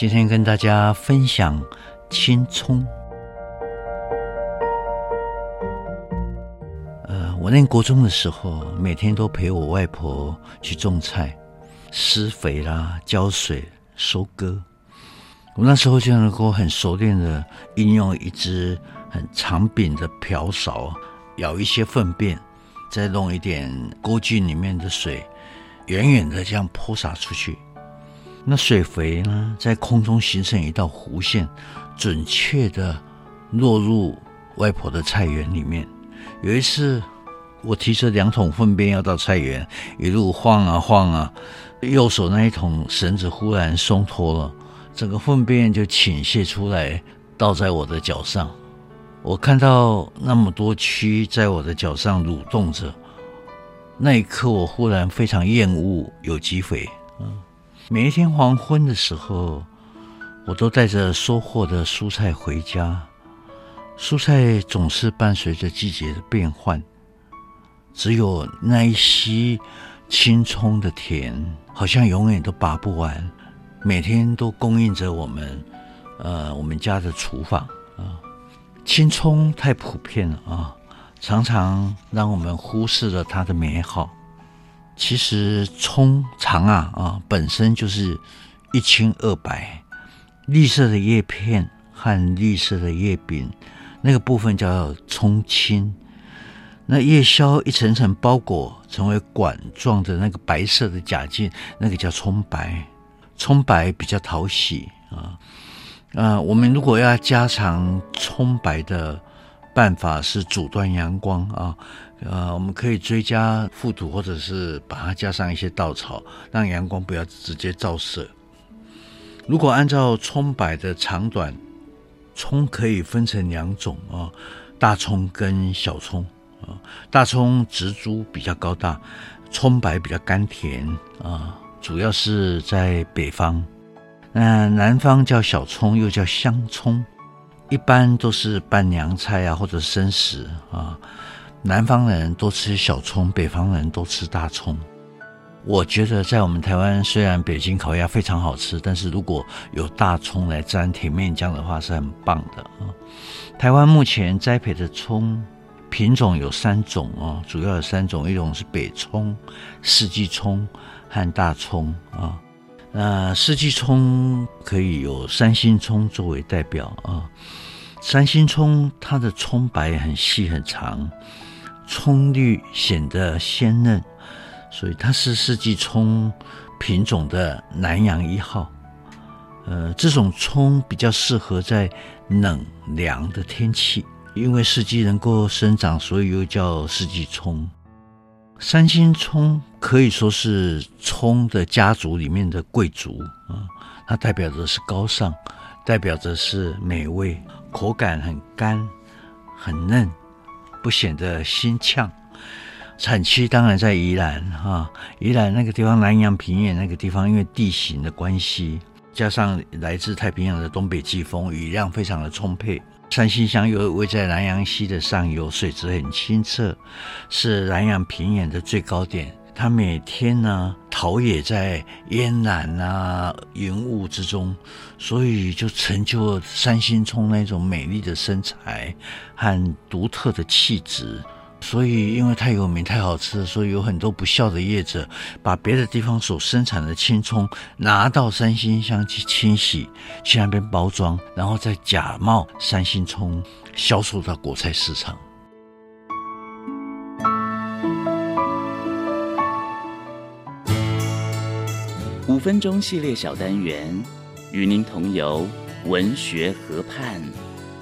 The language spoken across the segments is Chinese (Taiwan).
今天跟大家分享青蔥。呃，我念國中的時候，每天都陪我外婆去種菜、施肥啦、澆水、收割。我那時候就能夠很熟練的運用一支很長柄的瓢勺，舀一些糞便，再弄一點鍋具裡面的水，遠遠的這樣潑灑出去。那水肥呢，在空中形成一道弧線，準確地落入外婆的菜園裡面。有一次，我提着兩桶糞便要到菜園，一路晃啊晃啊，右手那一桶繩子忽然鬆脫了，整個糞便就傾瀉出來，倒在我的腳上。我看到那麼多蛆在我的腳上蠕動着，那一刻我忽然非常厭惡有機肥，嗯。每一天黃昏的時候，我都帶着收穫的蔬菜回家。蔬菜總是伴隨着季節的變換，只有那一畦青蔥的田，好像永遠都拔不完，每天都供應着我們，呃，我們家的廚房啊。青蔥太普遍了啊，常常讓我們忽視了它的美好。其實蔥長啊啊，本身就是一清二白，綠色的葉片和綠色的葉柄那個部分叫蔥青，那葉鞘一層層包裹成為管狀的那個白色的假莖，那個叫蔥白。蔥白比較討喜啊啊，我們如果要加長蔥白的。辦法是阻斷陽光啊，呃，我們可以追加覆土，或者是把它加上一些稻草，讓陽光不要直接照射。如果按照蔥白的長短，蔥可以分成兩種啊、呃，大蔥跟小蔥啊、呃。大蔥植株比較高大，蔥白比較甘甜啊、呃，主要是在北方，那南方叫小蔥，又叫香蔥。一般都是拌涼菜啊，或者生食啊。南方人多吃小蔥，北方人多吃大蔥。我覺得在我們台灣，雖然北京烤鴨非常好吃，但是如果有大蔥來沾甜面醬的話，是很棒的啊。台灣目前栽培的蔥品種有三種啊，主要有三種：一種是北蔥、四季蔥和大蔥啊。呃，四季蔥可以有三星蔥作為代表啊，呃，三星蔥它的蔥白很細很長，蔥綠顯得鮮嫩，所以它是四季蔥品種的南洋一號。呃，這種蔥比較適合在冷涼的天氣，因為四季能夠生長，所以又叫四季蔥。三星蔥可以說是蔥的家族裡面的貴族啊，它代表的是高尚，代表的是美味，口感很乾，很嫩，不顯得辛嗆。產區當然在宜蘭哈，宜蘭那個地方，蘭陽平原那個地方，因為地形的關係，加上來自太平洋的東北季風，雨量非常的充沛。三星鄉又位在蘭陽溪的上游，水質很清澈，是蘭陽平原的最高點。它每天呢，陶冶在煙嵐啊、雲霧之中，所以就成就了三星蔥那種美麗的身材和獨特的氣質。所以，因為太有名、太好吃，所以有很多不肖的業者，把別的地方所生產的青蔥拿到三星鄉去清洗，去那邊包裝，然後再假冒三星蔥銷售到果菜市場。五分鐘系列小單元，與您同遊文學河畔，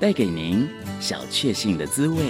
帶給您小確幸的滋味。